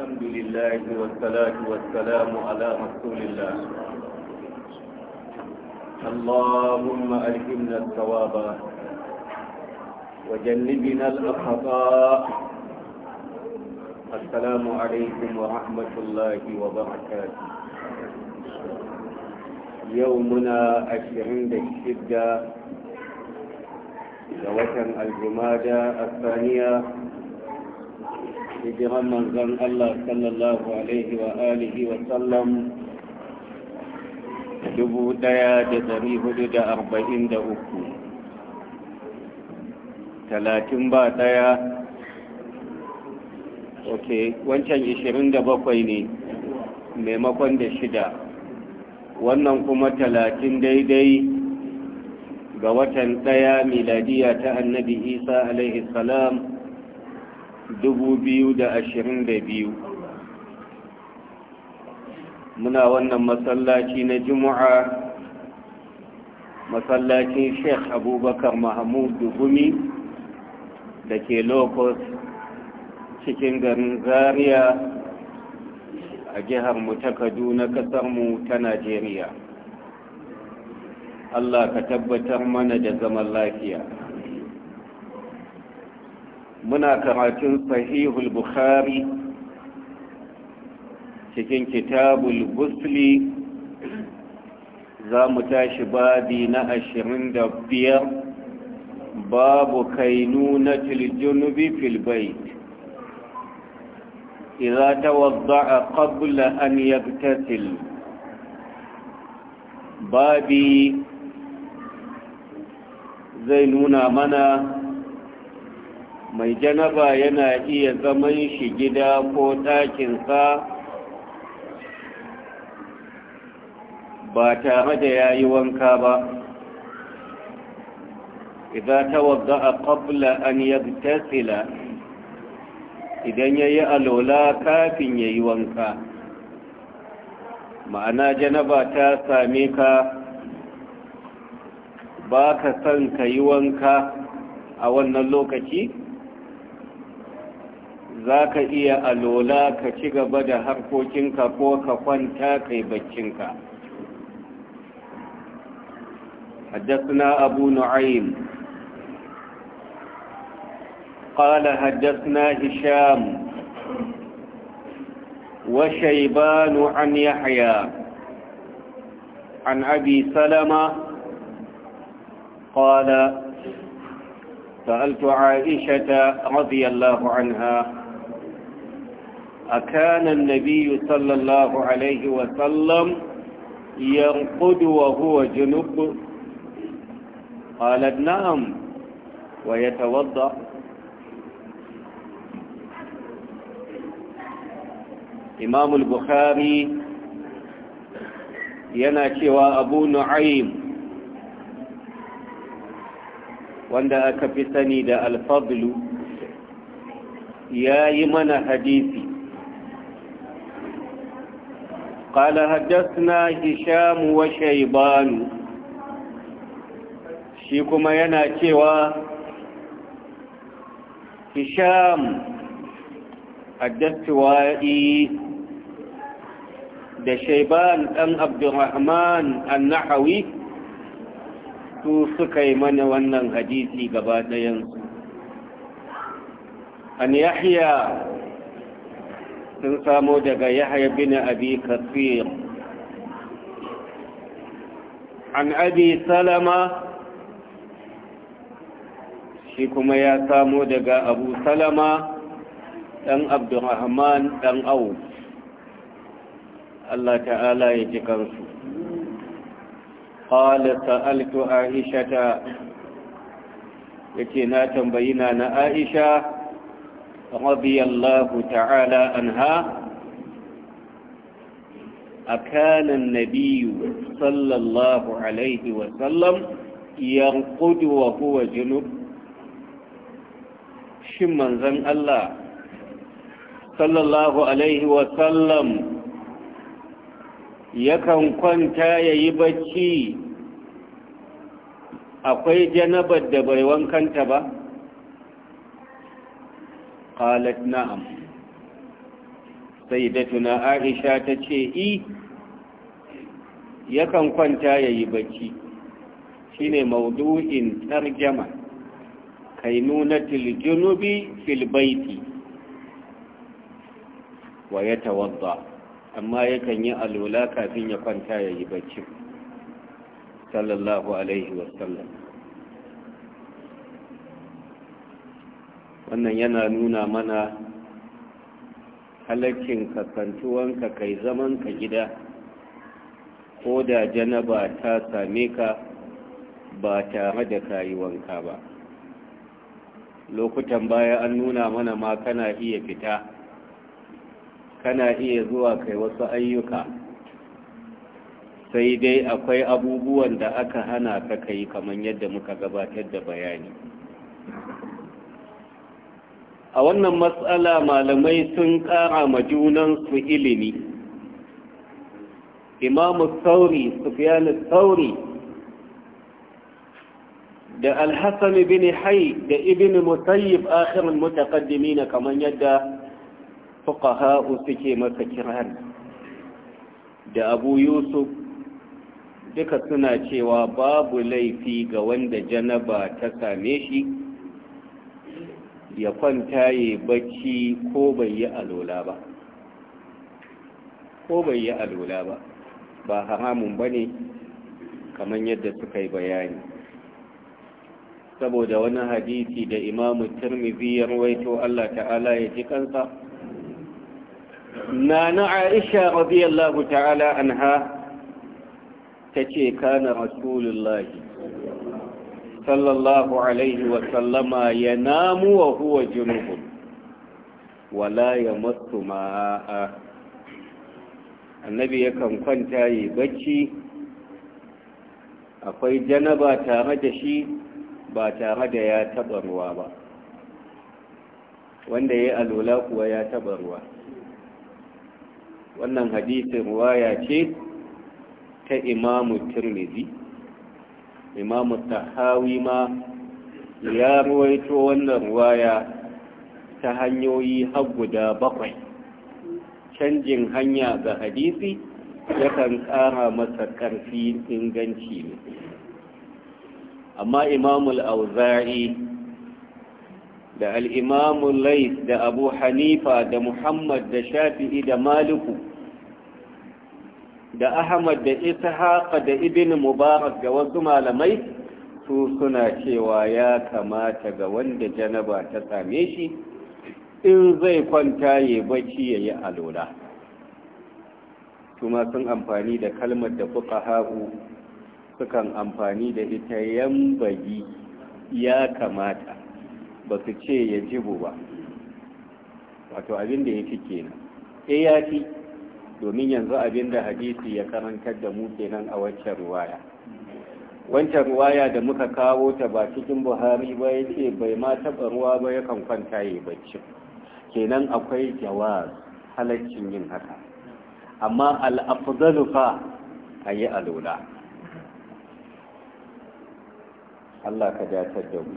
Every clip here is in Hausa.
الحمد لله والصلاة والسلام على رسول الله اللهم ألهمنا الثواب وجنبنا الأخطاء السلام عليكم ورحمة الله وبركاته يومنا عشرين الشدة لوتن الجمادة الثانية hijiran manzan Allah sallallahu alaihi wa alihi wa sallam dubu daya da dari hudu da arba'in da uku talatin ba daya ok wancan ishirin da bakwai ne maimakon da shida wannan kuma talatin daidai ga watan daya miladiya ta annabi isa alaihi salam Dubu biyu. muna wannan masallaci na juma'a masallacin sheikh abubakar mahmud gumi da ke lokos cikin garin zaria a jihar mu ta kaduna kasarmu ta najeriya allah ka tabbatar mana da zaman lafiya muna karatun sahihul bukhari cikin kitabul gusli za mu tashi babi na ashirin da biyar babu kainu na tiljunubi filbait إذا توضع قبل أن يغتسل babi zai nuna mana mai janaba yana iya zaman shi gida ko ɗakinsa ba tare da ya yi wanka ba idan ta wadda a ƙabla an yabtasila idan ya yi alola kafin ya yi wanka ma'ana janaba ta same ka ba ka son ka yi wanka a wannan lokaci za ka iya alola ka ci gaba da harkokinka ko ka kwanta kai baccinka حدثنا أبو نعيم قال حدثنا هشام وشيبان عن يحيى عن أبي سلمة قال سألت عائشة رضي الله عنها أكان النبي صلى الله عليه وسلم ينقد وهو جنب قالت نعم ويتوضأ إمام البخاري يناكي وأبو نعيم wanda أكفتني fi الفضل يا يمن حديثي قال حدثنا هشام وشيبان shi kuma yana cewa hisham addatuwa'i da shaiban ɗan abdurrahman annahawi su suka yi mana wannan hadisi gabaɗayansu. an yahya sun samo daga yahya bin abi kasir an abi salama shi kuma ya samo daga abu salama ɗan Abdurahman ɗan awu Allah ta'ala ya ji kansu ƙwala sa'altu aisha ta yake na tambayi na na aisha رضي الله تعالى عنها أكان النبي صلى الله عليه وسلم يرقد وهو جنوب شمن زن الله صلى الله عليه وسلم يكن كنت يبكي akwai janabar da bai wankanta ba qalat na'am sayyidatuna aisha tace i yakan kwanta yayi bacci shine maudu'in tarjama kainunatil junubi fil baiti wa yatawadda amma yakan yi alwala kafin ya kwanta yayi bacci sallallahu wannan yana nuna mana halakkin kakantuwanka kai zaman ka gida ko da janaba ta same ka ba tare da kayi wanka ba lokutan baya an nuna mana ma kana iya fita kana iya zuwa kai wasu ayyuka sai dai akwai abubuwan da aka hana ka kai kamar yadda muka gabatar da bayani a wannan matsala malamai sun ƙara ma junansu ilimi imamu sauri sufiyanu sauri da alhassan bin hai da ibn musayyib akhirin mutakaddimi na kamar yadda fuqaha'u suke masa kiran da abu yusuf duka suna cewa babu laifi ga wanda janaba ta same shi ya kwanta ya bacci ko bai yi alola ba ko bai yi alola ba ba haramun ba ne kamar yadda suka yi bayani saboda wani hadisi da imamu turmizi ya ruwaito Allah ta'ala ya ji kansa na na aisha radiyallahu ta'ala anha ta ce kana rasulullahi sallallahu alaihi wasallama ya namu wa huwa junubun wala ya matsu ma'a annabi yakan kwanta yi bacci akwai janaba tare da shi ba tare da ya taɓa ruwa ba wanda ya alula kuwa ya taɓa ruwa wannan hadisin ruwaya ce ta imamu tirmidhi imamu tahawi ma ya ruwaito wannan ruwaya ta hanyoyi har guda bakwai canjin hanya ga hadisi yakan ƙara masa ƙarfi inganci ne amma imamul auza'i da al'imamul lais da abu hanifa da muhammad da shafi'i da maliku da ahmad da Ishaq da ibn mubarak ga wasu malamai su suna cewa ya kamata ga wanda janaba ta same shi in zai kwanta ya bacci ya yi alola kuma sun amfani da kalmar da fuka haku sukan amfani da ita yambagi ya kamata ba su ce ya jibu ba wato abin da ya fi kenan eh, ya fi domin yanzu abin da hadisi ya karanta da mu kenan a wancan ruwaya wancan ruwaya da muka kawo ta ba cikin buhari ba ya bai ma taɓa ruwa ba ya kan kwanta ya bacci kenan akwai jawaz halaccin yin haka amma al'afzalu fa a yi alola Allah ka datar da mu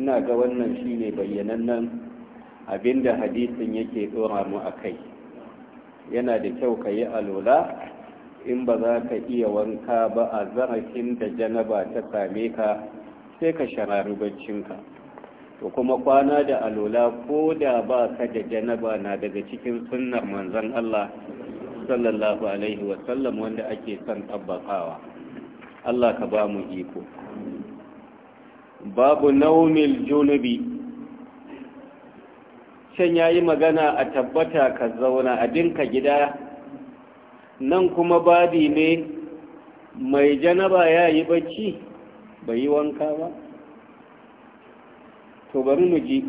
ina ga wannan shine bayyanannen abinda hadisin yake tsora mu a kai yana da kyau ka yi alola in ba za ka iya wanka ba a zarafin da janaba ta same ka sai ka sharari baccinka to kuma kwana da alola ko da ba ka da janaba na daga cikin sunnar manzon Allah sallallahu alaihi wasallam wanda ake son tabbakawa Allah ka ba mu iko babu naumil junubi can ya yi magana a tabbata ka zauna abinka gida nan kuma babi ne mai janaba ya yi bacci bai yi wanka ba to bari mu ji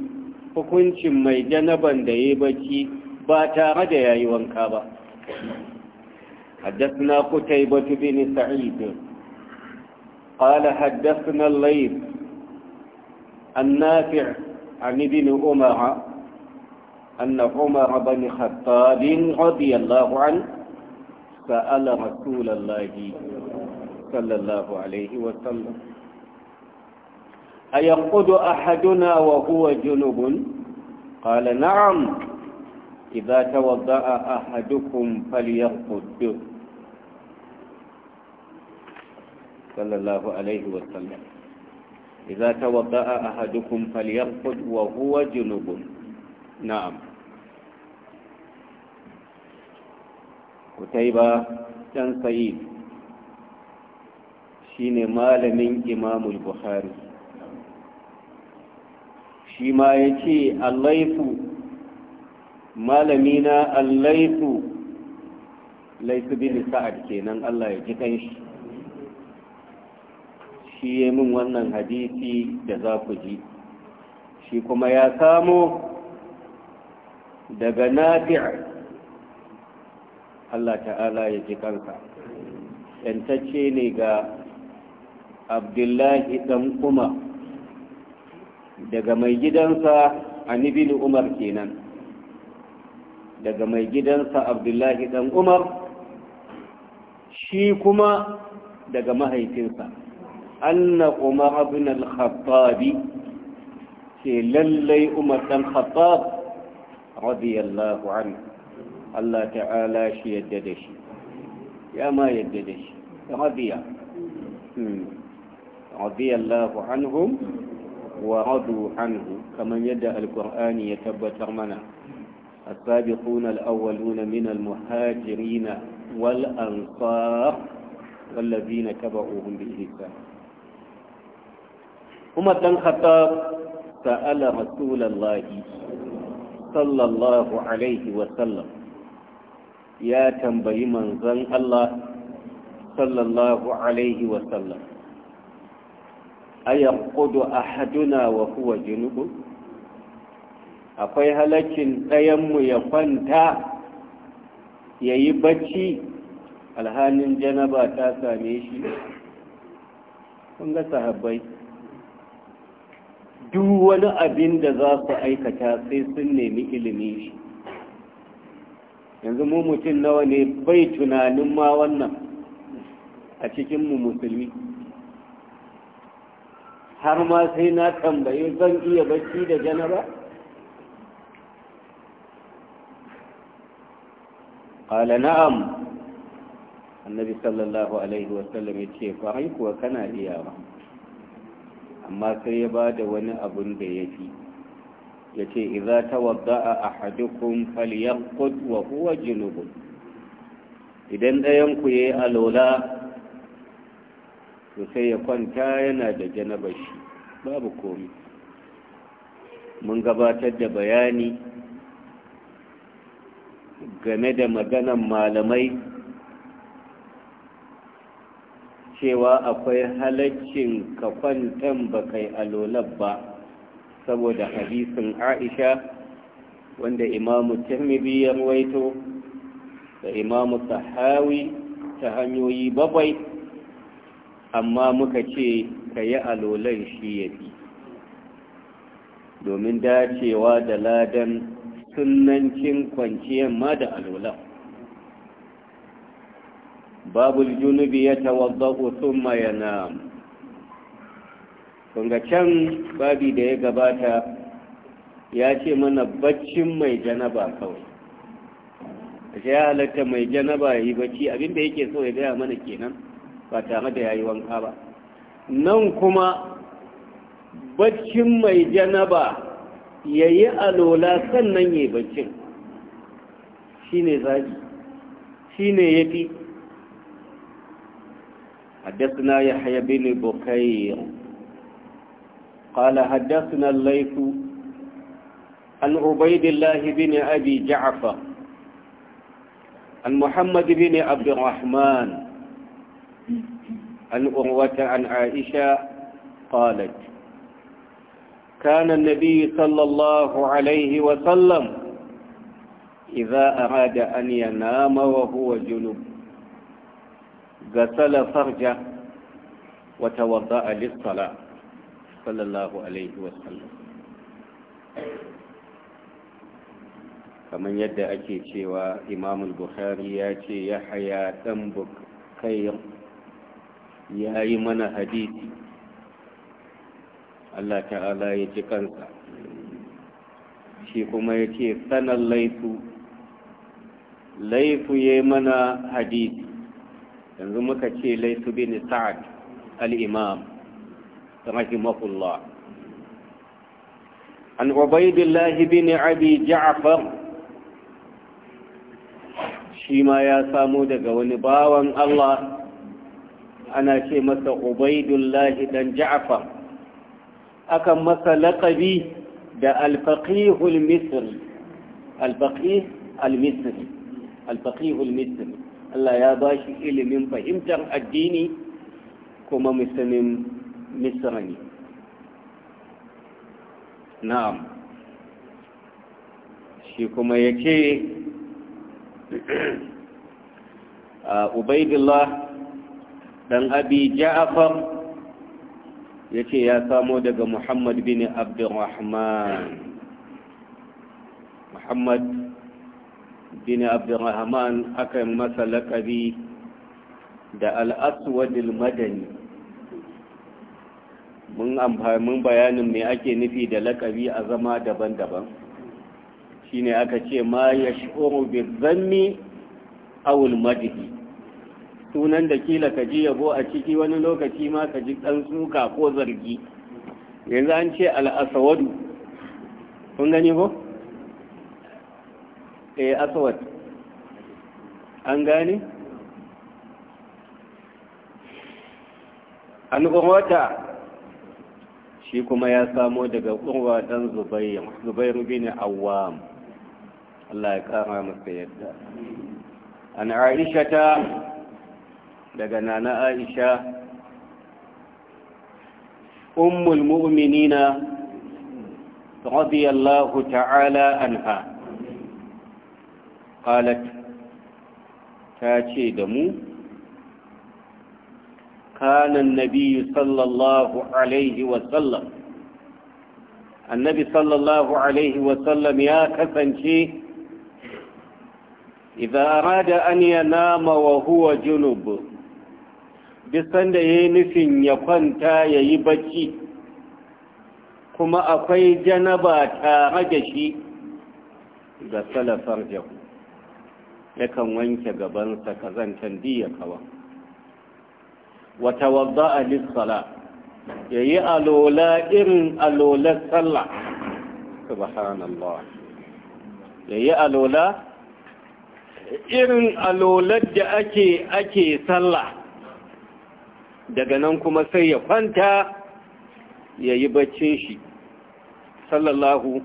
hukuncin mai janaban da ya yi bacci ba tare da ya yi wanka ba حدثنا قتيبة بن سعيد قال حدثنا الليل النافع عن ابن أمر أن عمر بن خطاب رضي الله عنه سأل رسول الله صلى الله عليه وسلم أينقض أحدنا وهو جنب قال نعم إذا توضأ أحدكم فليرقد صلى الله عليه وسلم إذا توضأ أحدكم فليرقد وهو جنب نعم kutaiba can sa'id shine malamin imamul buhari shi ma ya ce allaifu malamina allaifu laifu bin sa'ad kenan allah ya ji kanshi shi ya min wannan hadisi da za ku ji shi kuma ya samu daga nafi'a Allah ta'ala ya ji kansa yantacce ne ga abdullahi Ɗan kuma daga mai gidansa anibin umar kenan daga mai gidansa abdullahi Ɗan umar shi kuma daga mahaifinsa anna umar ibn al-khattabi ce lallai umar ɗan khattab radiyallahu anhu Allah ta'ala shi yadda da shi ya ma yadda da shi radiya hmm. radiyallahu anhum wa radu anhu kamar yadda alkur'ani ya tabbatar mana السابقون الأولون من المهاجرين والأنصار والذين تبعوهم بإحسان عمر بن الخطاب سأل رسول الله صلى الله عليه وسلم ya tambayi manzon Allah sallallahu alaihi wasallam a ahaduna wa kuwa junubu akwai halaccin ɗayanmu ya kwanta ya yi bacci alhanin janaba ta same shi kun ga sahabbai duk wani abin da za su aikata sai sun nemi ilimi shi yanzu mu mutum nawa ne bai tunanin ma wannan a cikin mu musulmi har ma sai na tambaye zan iya bacci da janaba ƙala na'am annabi sallallahu alaihi wasallam ya ce kwarai kana iyawa amma sai ya ba da wani abun da ya fi ya ce iza tawadda'a ahadukum falyaqud wa huwa junubun idan ɗayan ku yi alola to sai ya kwanta yana da janabar shi babu komi. mun gabatar da bayani game da maganan malamai cewa akwai halaccin ka kwantan ba kai alolar ba saboda hadisin aisha wanda imamu tirmidhi ya ruwaito da imamu sahawi ta hanyoyi babai. amma muka ce ka yi alolan shi ya fi domin dacewa da ladan sunancin kwanciyar ma da alolan babul junubi ya tawadda sun kunga can babi da ya gabata ya ce mana baccin mai janaba kawai ashe ya halatta mai janaba ya yi bacci abinda yake so ya gaya mana kenan ba tare da ya yi wanka ba nan kuma baccin mai janaba ya yi alola sannan ya yi baccin shi ne zaji shi ne ya fi حدثنا يحيى بن بكير قال حدثنا الليث عن عبيد الله بن أبي جعفر عن محمد بن عبد الرحمن عن أروة عن عائشة قالت كان النبي صلى الله عليه وسلم إذا أراد أن ينام وهو جنب غسل فرجه وتوضأ للصلاة sallallahu alaihi wasallam kamar yadda ake cewa imam Buhari ya ce ya haya dan bukayyar ya yi mana hadisi Allah ta'ala ya ji kansa shi kuma ya ce sanan laifu laifu ya mana hadisi yanzu muka ce laifu bin sa'ad al-imam رحمه الله عن عبيد الله بن أبي جعفر شيما يا سامود ونباوا الله أنا شيمة عبيد الله بن جعفر أكم مسلق بي ده الفقيه المصري الفقيه المصري الفقيه المصري Allah ya ba shi ilimin fahimtar addini kuma musulmin misra ne na'am shi kuma ya ce ah, ubaidullah dan abi ya ce ya samo daga muhammad bin abdurrahman muhammad bin abdurrahman aka yi masa laƙabi da al'aswadil madani mun amfanin bayanin me ake nufi da lakabi a zama daban-daban shine aka ce ma ya shi'uru bi zanni awul madihi sunan da kila ka ji yabo a ciki wani lokaci ma ka ji dan suka ko zargi yanzu an ce al'asawadu kun gani ko? eh asawad an gane? an gwamnata shi kuma ya samo daga urwa dan zubair zubair bin awwam Allah ya kara masa yadda an aisha ta daga nana aisha ummul mu'minina radiyallahu ta'ala anha qalat ta ce da mu كان النبي صلى الله عليه وسلم النبي صلى الله عليه وسلم يا كسنشي إذا أراد bisan da ya yi nufin ya kwanta ya yi bacci kuma akwai janaba tare da shi ga salafar ya yakan wanke gabansa kazantan diya kawai wa tawadda'a lis-sala yayi alola irin alolar sallah subhanallah yayi alola irin alolar da ake ake sallah daga nan kuma sai ya kwanta yi baccin shi sallallahu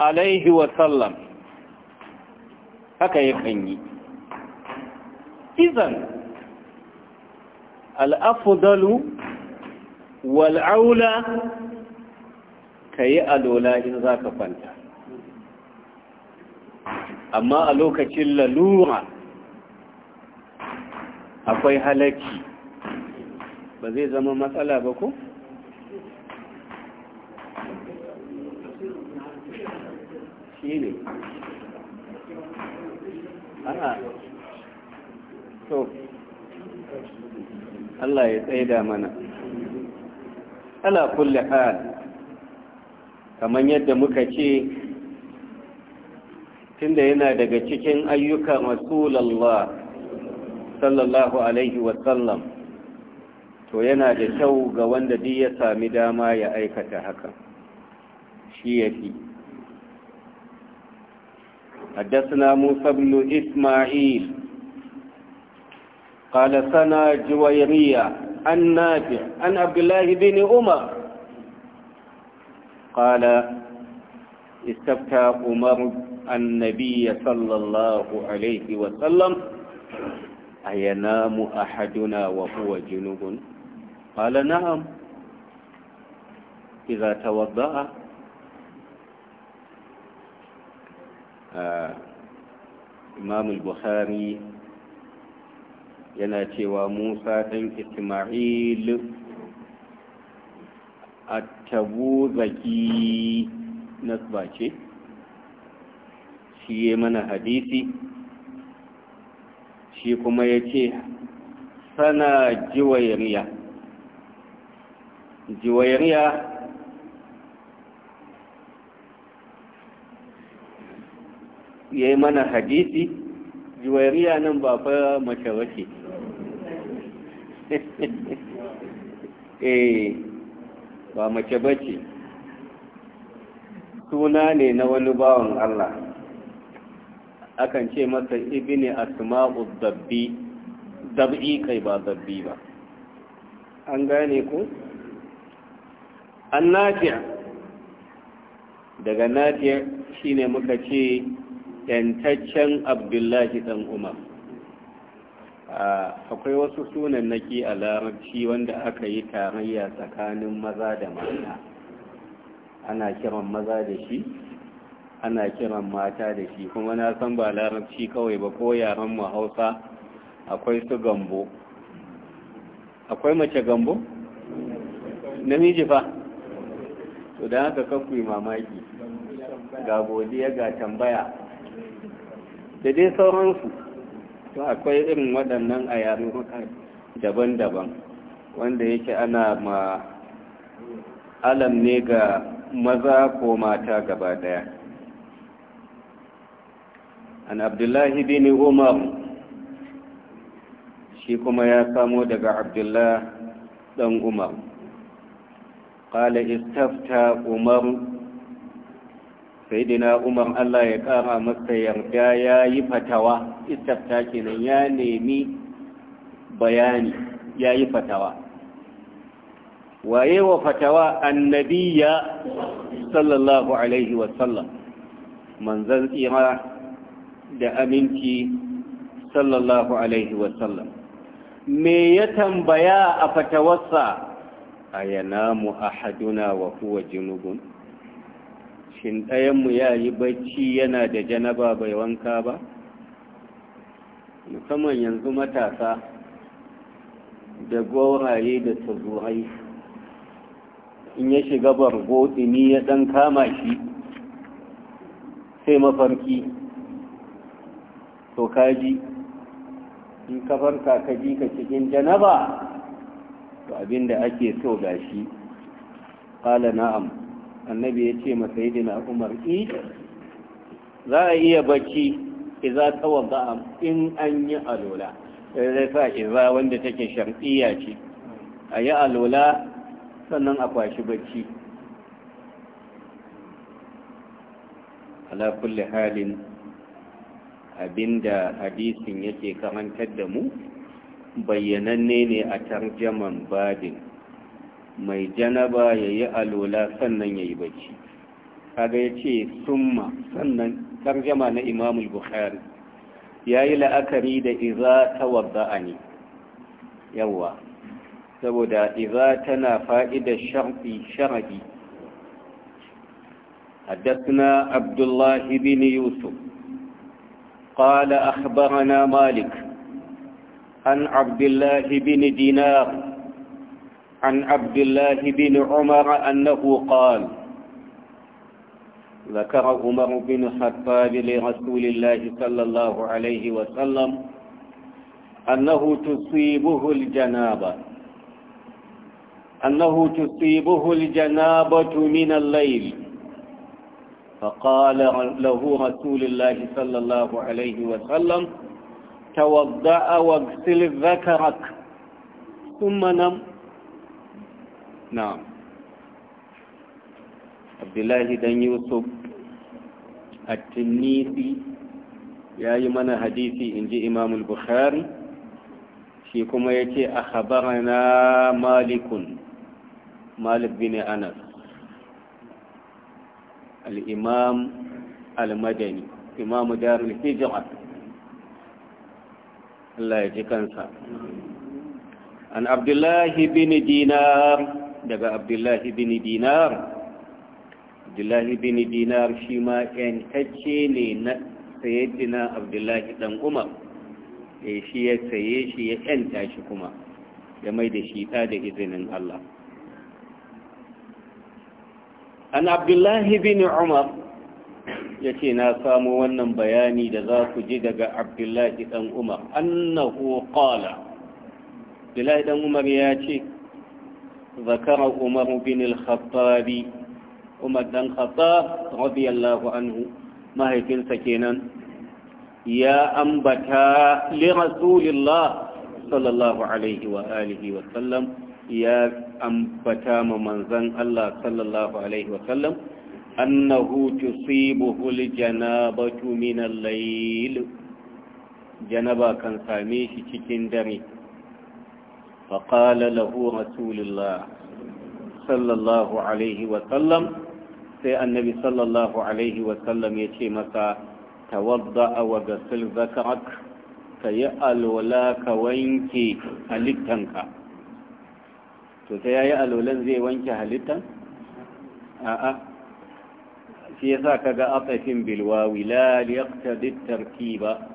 alaihi wa sallam haka yakan yi izan al'afudalu wal'aula ka yi alola in za ka kwanta amma a lokacin lalura akwai halaki ba zai zama matsala ba ko? shi ne ana so Allah ya tsaida mana ala kulli hal kamar yadda muka ce tunda yana daga cikin ayyuka rasulallah sallallahu alaihi wasallam to yana da kyau ga wanda duk ya sami dama ya aikata haka shi ya fi حدثنا موسى بن إسماعيل قال سنا جويرية عن نافع عن عبد الله بن عمر قال استفتى عمر النبي صلى الله عليه وسلم أينام أحدنا وهو جنوب قال نعم إذا توضأ آه إمام البخاري yana cewa musa ɗan ismail a tabu zaki nasba ce shi ya mana hadisi shi kuma ya ce sana jiwayariya jiwayariya ya yi mana hadisi jiwayariya nan ba fa mace wace eh ba mace bace suna ne na wani bawan Allah akan ce masa ibini asma'u dabbi dab'i kai ba dabbi ba an gane ku an nafiya daga nafiya shine muka ce yantaccen abdullahi dan umar akwai wasu sunan naki a larabci wanda aka yi tarayya tsakanin maza da mata ana kiran maza da shi ana kiran mata da shi kuma na san ba larabci kawai ba ko yaren mu hausa akwai su gambo akwai mace gambo namiji fa to da haka kakwai mamaki ga godiya ga tambaya da dai sauransu to akwai irin waɗannan a yarurruka daban-daban wanda yake ana ma alam ne ga maza ko mata gaba daya an abdullahi bin umar shi kuma ya samo daga abdullahi dan umar قال استفتى عمر Sai dina umar allah ya kara masa yarda ya yi fatawa istafta kenan ya nemi bayani ya yi fatawa waye wa fatawa annabiya sallallahu alaihi wasallam manzan tsira da aminci sallallahu alaihi wasallam me ya tambaya a fatawarsa a yanamu ahaduna wa kuwa junubun shin ɗayanmu ya yi bacci yana da janaba bai wanka ba musamman yanzu matasa da gwauraye da tazurai in ya shiga bargo ɗini ya ɗan kama shi sai mafarki to kaji in ka farka ka ji ka cikin janaba to abinda ake so gashi ƙala na'am annabi ya ce masa yi umar i za a iya bacci iza tawadda in an yi alola sai sa iza wanda take shar'iyya ce a yi alola sannan a kwashi bacci alakulli halin abinda hadisin yake karantar da mu bayyananne ne a tarjaman badin. mai janaba ya yi alola sannan ya yi bacci kaga ya ce summa sannan tarjama na imamul bukhari ya yi la'akari da iza ta a ne Yawwa. saboda iza tana fa'idar sharfi sharabi حدثنا عبد الله بن يوسف قال أخبرنا مالك عن عبد الله بن دينار عن عبد الله بن عمر أنه قال ذكر عمر بن الخطاب لرسول الله صلى الله عليه وسلم أنه تصيبه الجنابة أنه تصيبه الجنابة من الليل فقال له رسول الله صلى الله عليه وسلم توضأ واغسل ذكرك ثم نم na'am abdullahi dan yusuf at-tinisi ya yi mana hadisi inji ji imamul bukhari shi kuma ya ce a habarana malikun malik bin anas al'imam al-madani imamu darul hijira Allah ya ji kansa an abdullahi bin daga abdullahi bin dinar abdullahi bin dinar shi ma yantacce ne na sayyidina abdullahi dan umar ya eh, shi ya saye shi ya yanta shi kuma ya mai da shi ta da izinin Allah an abdullahi bin umar ya ce na samu wannan bayani da za ku ji daga abdullahi dan umar annahu qala abdullahi dan umar ya ce ذكر عمر بن الخطاب عمر بن الخطاب رضي الله عنه ما هي كنا يا أنبتا لرسول الله صلى الله عليه وآله وسلم يا أنبتا ممنزن الله صلى الله عليه وسلم أنه تصيبه الجنابة من الليل جنبا كان ساميش تكين دري فقال له رسول الله صلى الله عليه وسلم sai annabi sallallahu alaihi wasallam ya ce masa tawadda wa gasil zakarak ka yi alwala ka wanke halittanka to sai ya yi alwalan zai wanke halittan? a'a shi ya sa kaga atsafin bilwawi la liyaktadit tarkiba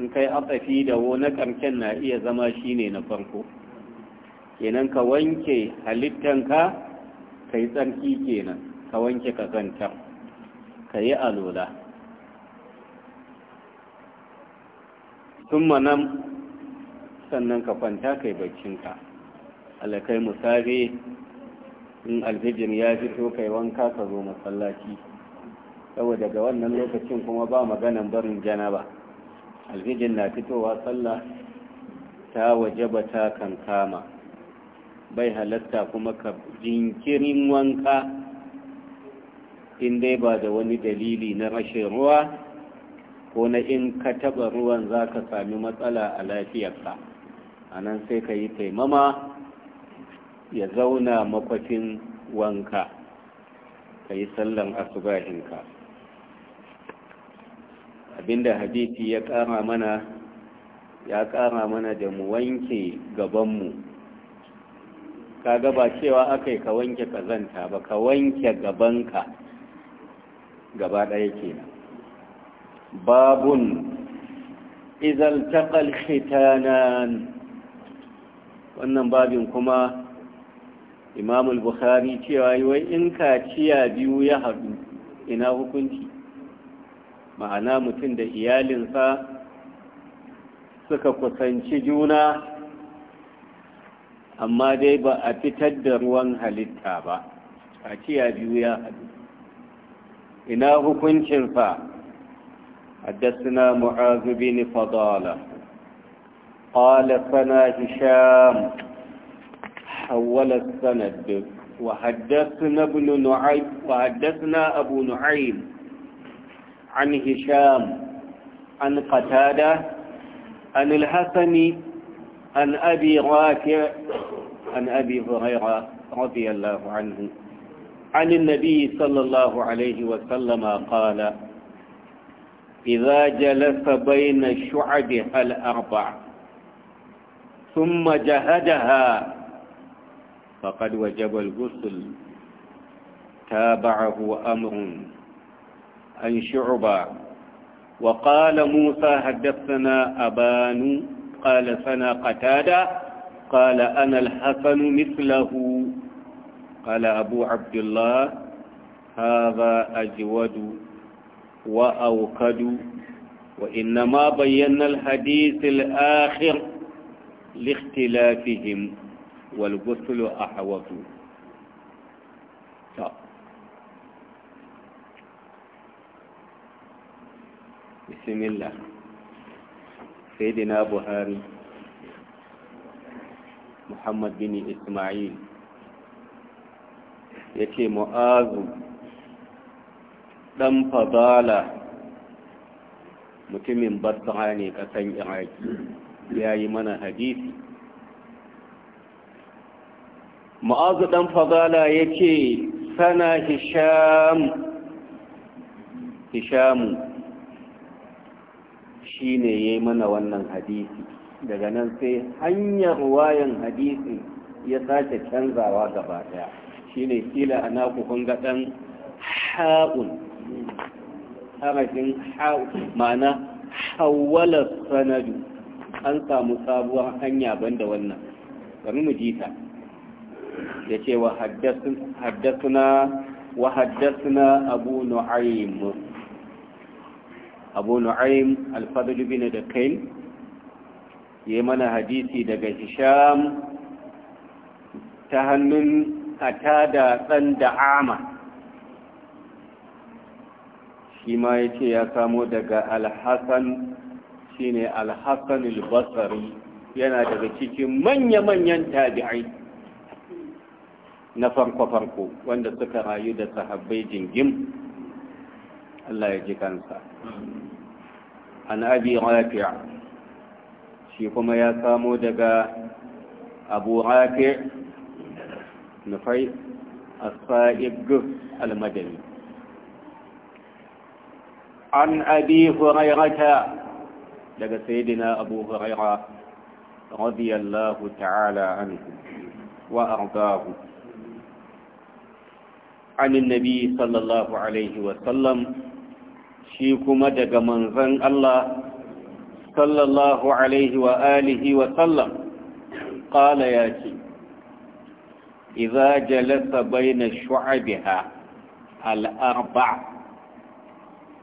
in kai atsafi da wo na karken na iya zama shine na farko kenan ka wanke halittanka ka yi tsarki kenan ka wanke ka zanta ka yi alola Tumma nan sannan ka kwanta kai baccinka alakai musare in aljijin ya fito kai wanka ka zo masallaci saboda daga wannan lokacin kuma ba maganan barin ba aljijin na fitowa sallah ta waje ba ta kankama bai halatta kuma ka jinkirin wanka in ba da wani dalili na rashin ruwa ko na in ka taba ruwan za ka sami matsala a lafiyarka a nan sai ka yi taimama ya zauna makwafin wanka ka yi sallan asubahinka abinda hadithi ya kara mana ya kara mana da mu wanke gabanmu kaga ba cewa aka ka wanke kazanta ba ka wanke gabanka gaba ɗaya kenan babun izal taqal khitanan wannan babin kuma Imamul al-bukhari cewa wai in kaciya biyu ya haɗu ina hukunci ma'ana mutum da iyalinsa suka kusanci juna أما dai ba a fitar da ruwan halitta ba a ciya biyu حدثنا معاذ بن فضالة قال ثنا هشام حول السند وحدثنا ابن نعيم وحدثنا أبو نعيم عن هشام عن قتادة عن الحسن عن أبي راكع عن أبي هريرة رضي الله عنه عن النبي صلى الله عليه وسلم قال إذا جلس بين شعبها الأربع ثم جهدها فقد وجب الغسل تابعه أمر عن شعبة وقال موسى حدثنا أبان قال ثنا قتادة قال أنا الحسن مثله قال أبو عبد الله هذا أجود وأوكد وإنما بينا الحديث الآخر لاختلافهم والغسل أحوط بسم الله Saidina buhari muhammad bin ismail ya ce mu'azu ɗan fadala mutumin basra ne ƙasan iraki ya yi mana hadisi mu'azu ɗan fadala ya tana sana hishamu Shi shine yi mana wannan hadisi daga nan sai hanyar ruwayan hadisi ya sake canzawa gaba daya shine kila a ku kun ga ha'un harafin ma'ana hawwala sanadu an samu sabuwar hanya banda wannan bari mu jita ya ce wa haddasuna wa na abu nu'aym abu nu'aym al-fadl bin dakail yayi mana hadisi daga hisham ta hannun atada dan da'ama shi ma yace ya samo daga al-hasan shine al-hasan al-basri yana daga cikin manya-manyan tabi'ai na farko-farko wanda suka rayu da sahabbai jingim Allah ya ji kansa an abi rafi'a shi kuma ya samo daga abu rafi' nufai a saib al-madani an abi hurairata daga sayyidina abu hurairah radiyallahu ta'ala anhu wa عن النبي صلى الله عليه وسلم شيكما دق منزن الله صلى الله عليه وآله وسلم قال ياتي إذا جلس بين شعبها الأربع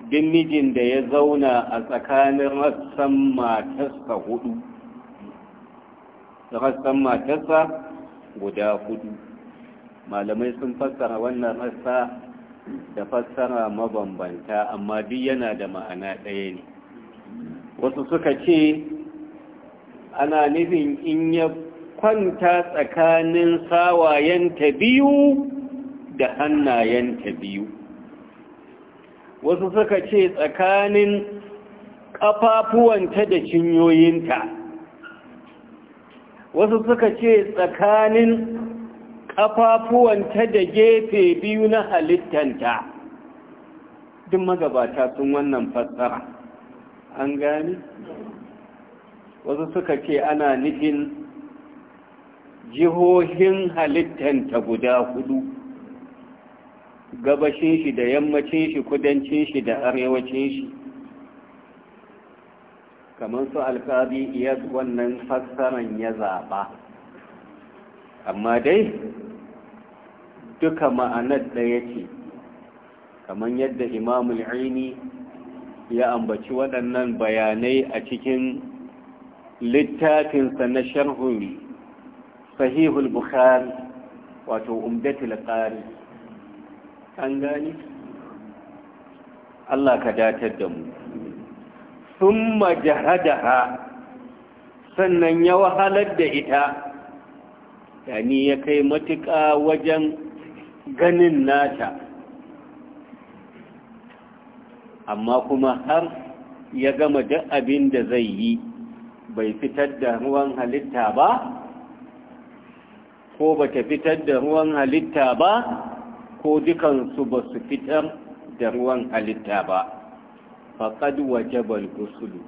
dimmijin da ya zauna a tsakanin rassan matarsa hudu rassan matarsa guda hudu malamai sun fassara wannan rassa da fassara mabambanta amma duk yana da ma'ana ɗaya ne wasu suka ce ana nufin in ya kwanta tsakanin sawayenta biyu da hannayenta biyu wasu suka ce tsakanin ƙafafuwanta da cinyoyinta wasu suka ce tsakanin ƙafafuwanta da gefe biyu na halittanta duk magabata sun wannan fassara an gani wasu suka ce ana nufin jihohin halittanta guda hudu gabashin shi da yammacin shi kudancin shi da arewacin shi kamar su alkazi iya wannan fassaran ya zaɓa amma dai duka ma'anar ɗaya ce kamar yadda imamul aini ya ambaci waɗannan bayanai a cikin littafinsa na sharhuri sahihul bukhari wato umdatul qari an gani Allah ka datar da mu thumma jahadaha sannan ya wahalar da ita yani ya kai matuƙa wajen ganin nata amma kuma har ya gama duk abin da zai yi bai fitar da ruwan halitta ba ko ba ta fitar da ruwan halitta ba ko dukansu ba su fitar da ruwan halitta ba faƙad waje balgusulu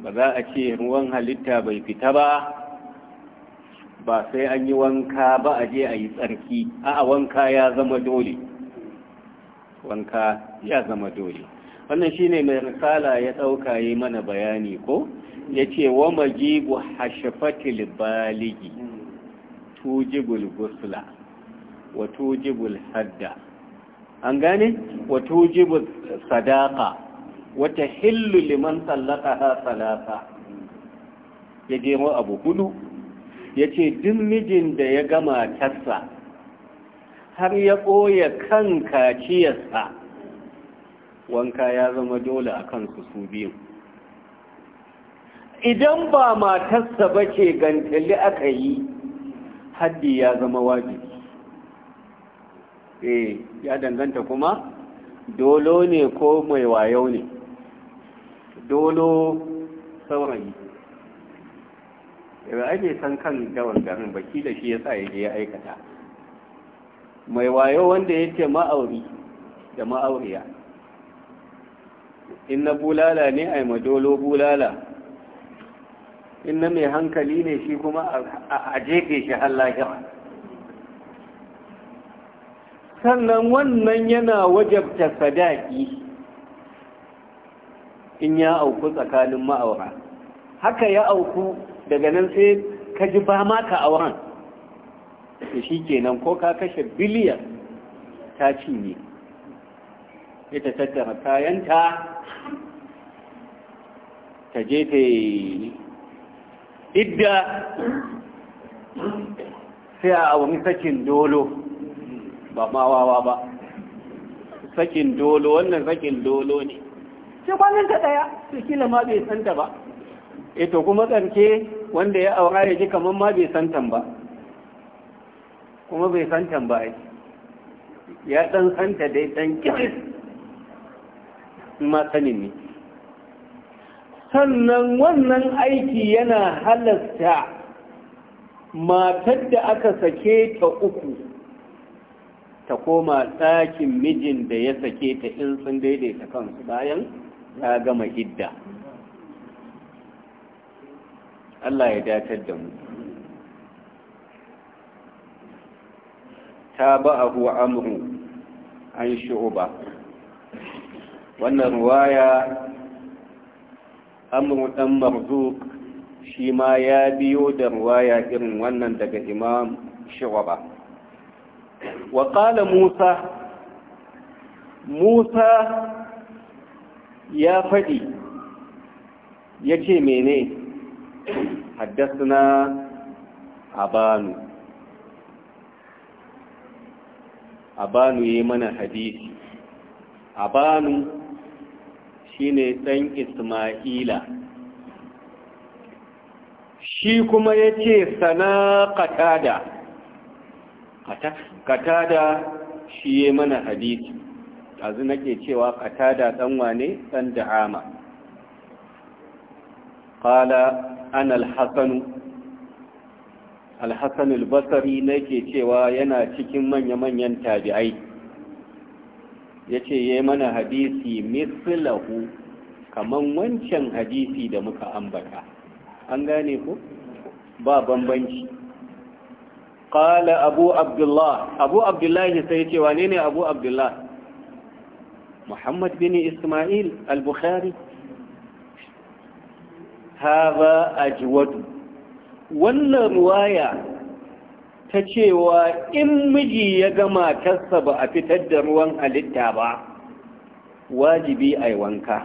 ba za a ce ruwan halitta bai fita ba ba sai an yi wanka ba a je a yi tsarki a wanka ya zama dole wanka ya zama dole wannan shine mai risala ya ɗauka yi mana bayani ko ya ce wa majibu hashafatil baligi tujibul gusla wa tujibul hadda an gane wa tujibul sadaka wata hillu liman tsallaka ha salata ya je abu hudu ya ce duk mijin da ya gama tassa har ya ɓoye kan kaciyarsa wanka ya zama dole a kansu su biyu idan ba matarsa ba ce gantali aka yi haddi ya zama wajibi eh ya danganta kuma dolo ne ko mai wayo ne dolo saurayi ai ake san kan dawar garin baki da shi ya sa ya ya aikata mai wayo wanda ya ce ma'auri da ma'auriya in na bulala ne a madolo bulala in na mai hankali ne shi kuma a jefe shi hallakewa sannan wannan yana wajabta sadaki in ya auku tsakanin ma'aura haka ya auku daga nan sai ka ji ba maka ka auren da shi kenan ko ka kashe biliyan ta cinye ita tattara kayanta ta je ta idda sai a wani sakin dolo ba ma ba sakin dolo wannan sakin dolo ne sai kwanan ta daya su kila ma bai santa ba Eh, to kuma tsarki wanda ya aura ya ji kamar ma bai santan ba kuma bai santan ba ya ya dan santa dai dan kiris ma sanin ne sannan wannan aiki yana halasta matar da aka sake ta uku ta koma ɗakin mijin da ya sake ta in sun daidaita kansu bayan ya gama idda Allah ya datar da mu Ta tabahu amru an shu'ba wannan ruwaya amru ɗan marzu shi ma ya biyo da ruwaya irin wannan daga imam shu'ba wa ƙala musa musa ya faɗi ya ce mene حدثنا أبان أبان يمن حديث أبان shine ɗan Ismaila shi kuma ya ce sana katada katada shi ya mana hadisi nake cewa katada ɗan wane ɗan da'ama ƙala an alhassanu alhassan albasari na ke cewa yana cikin manya-manyan tabi'ai ya ce ya mana hadisi mislahu kamar wancan hadisi da muka ambata an gane ku ba bambanci qala abu Abdullahi. abu Abdullahi sai cewa wane ne abu Abdullahi. muhammad bin isma'il al-bukhari haza ajwadu wannan ruwaya ta cewa in miji ya gama tassa ba a fitar da ruwan halitta ba wajibi a wanka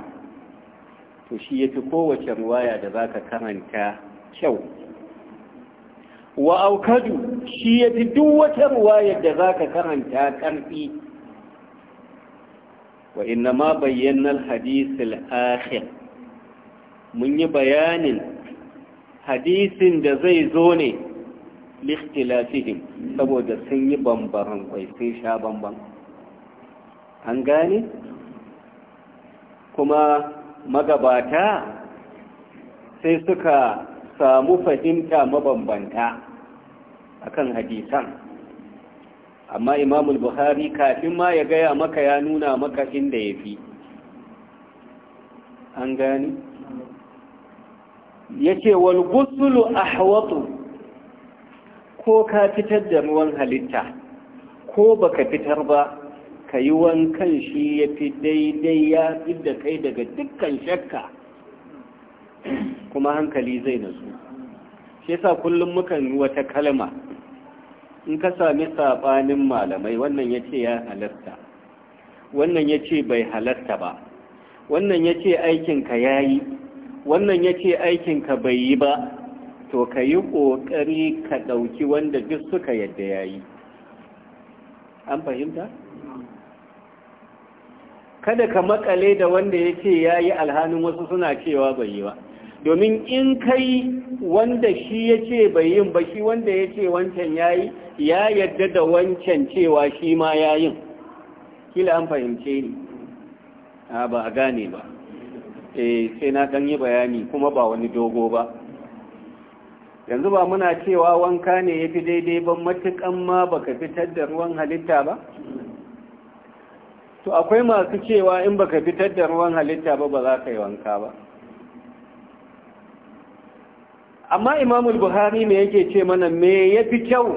to shi ya fi kowace ruwaya da za karanta kyau wa aukadu shi ya fi duk wata ruwayar da zaka karanta ƙarfi wa inna ma bayyanar hadisul akhir mun yi bayanin hadisin da zai zo ne likhtilafihim saboda sun yi bambaran kwai sun sha bamban an gane kuma magabata sai suka samu fahimta mabambanta akan hadisan amma imamul buhari kafin ma ya gaya maka ya nuna maka inda ya fi an gani ya ce walgusulu ahwatu ko ka fitar da ruwan halitta ko baka fitar ba ka yi wankan shi ya fi daidai ya fi kai daga dukkan shakka kuma hankali zai nasu shi sa kullum mukan wata kalma in ka sami sabanin malamai wannan ya ce ya halatta wannan ya ce bai halatta ba wannan ya ce aikinka ya yi wannan ya ce aikinka bai yi ba to ka yi ƙoƙari ka ɗauki wanda duk suka yadda ya yi an fahimta? kada ka makale da wanda ya ce ya yi wasu suna cewa bai yi ba domin in kai wanda shi ya ce bai yin ba shi wanda ya ce wancan ya yi ya yadda da wancan cewa shi ma ya yin kila an fahimce ni ba a gane ba eh sai na dan yi bayani kuma ba wani dogo ba yanzu ba muna cewa wanka ne yafi daidai ban matukan ma baka fitar da ruwan halitta ba to akwai masu cewa in baka fitar da ruwan halitta ba ba za ka yi wanka ba amma imamul buhari ne yake ce mana me ya fi kyau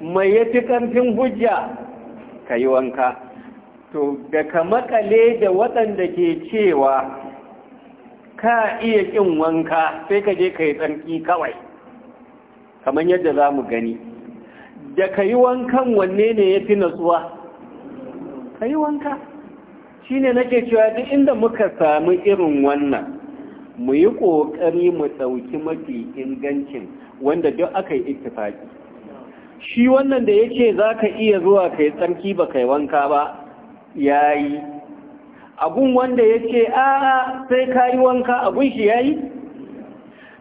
mai ya fi ƙarfin hujja ka yi wanka to da ka makale da waɗanda ke cewa ka iya ƙin wanka sai ka je ka yi tsarki kawai kamar yadda za mu gani da ka yi wankan wanne ne ya fi natsuwa ka yi wanka shi ne nake cewa duk inda muka sami irin wannan mu yi ƙoƙari mu ɗauki mafi ingancin wanda duk aka yi ittifaki shi wannan da ya ce za ka iya zuwa ka yi tsarki ba ka yi wanka ba ya yi abun wanda ya ce a sai ka yi wanka abun shi ya yi